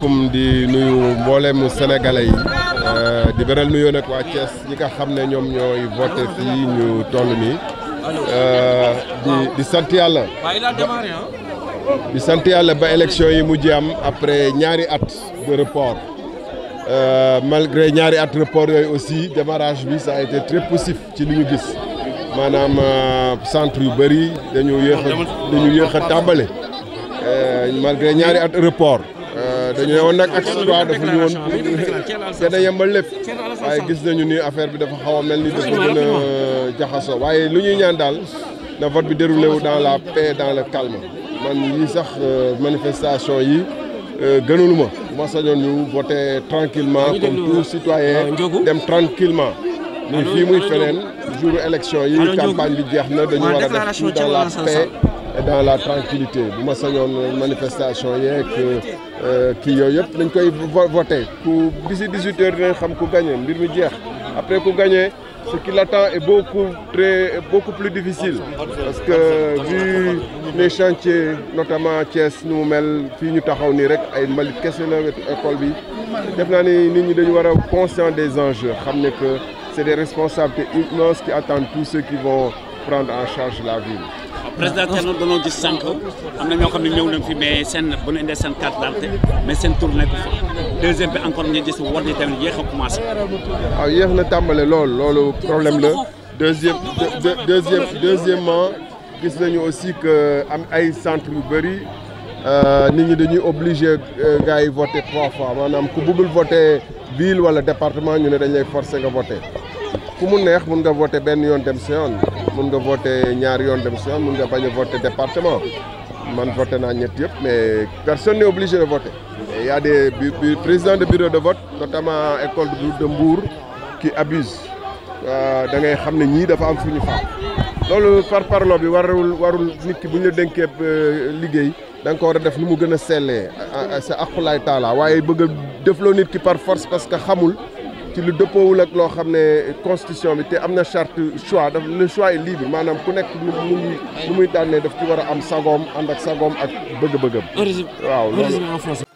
kum di nuyu mboolemu sénégalais yi euh, di beral nuyoo nag waa Thiès ñi nga xam ne ñoom ñooy voté fii ñu toll nii euh, di di sant di sant ba élection yi mujj am après ñaari at de report euh, malgré ñaari at report yooyu aussi démarrage bi sa a été très poussif ci li ñu gis maanaam centre yu bëri dañu yéex a dañu yéex a tàmbale malgré ñaari at report Euh, dañu ne woon nag exploit dafa ñu woon te da lépp waaye gis nañu ni affaire bi dafa xaw a mel ni dafa gën a euh, jaxasoo waaye lu ñuy ñaan daal na bi déroulé wu dans la paix dans le calme man yi sax euh, manifestation yi gënalu ma ma sañoon ñu voté tranquillement comme tout citoyen dem tranquillement nii fii muy feneen jour élection yi campagne bi jeex na dañu war a def tout dans la paix dans la tranquillité bu ma sañoon manifestation yeeg euh, kii yooyu yëpp dañ koy voté ku d'ici 18 heures dinañ xam ku gagné mbir mi jeex après ku gagné ce qui l'attend est beaucoup très beaucoup plus difficile parce que vu les chantiers notamment Thiès nu mu mel fii ñu taxaw nii rek ay mbalit kese la école bi def naa ni nit ñi dañu war a conscient des enjeux xam ne que c'est des responsabilités immenses qui attendent tous ceux qui vont prendre en charge la ville président Thierno dañoo gis sànq am na ñoo xam ne ñëw nañ fi mais seen bu ñu indee seen carte d'identité mais seen tour nekk fa deuxième bi ñu gis war yi tamit na tàmbale lool loolu problème la deuxième deuxième deuxièmement gis nañu aussi que am ay centre yu bëri euh, nit ñi dañuy obligé euh, gars yi voter trois fois maanaam ku bëggul voter ville wala département ñu ne dañ lay forcer nga voter ku mu neex mun nga voté benn yoon dem si yoon mun nga voté ñaar yoon dem si yoon mun nga bañ a voté man voté naa ñett yëpp mais personne n'est obligé de voter il y a des présidents de bureau de vote notamment école de Mbour qui abuse euh, da ngay xam ne ñii dafa am fu ñu faam loolu par parlo bi warul warul nit ki bu ñu la dénkee euh, liggéey da nga ko war a def nu mu gën a sellee sa aqulaay taala waaye bëgg a defloo nit ki par force parce que xamul ci lu dëppoowul ak loo xam ne constitution bi te am na charte choix daf le choix est libre maanaam ku nekk nu muy nu muy daan daf ci war a am sagoom ànd ak sagoom ak bëgg-bëggam waaw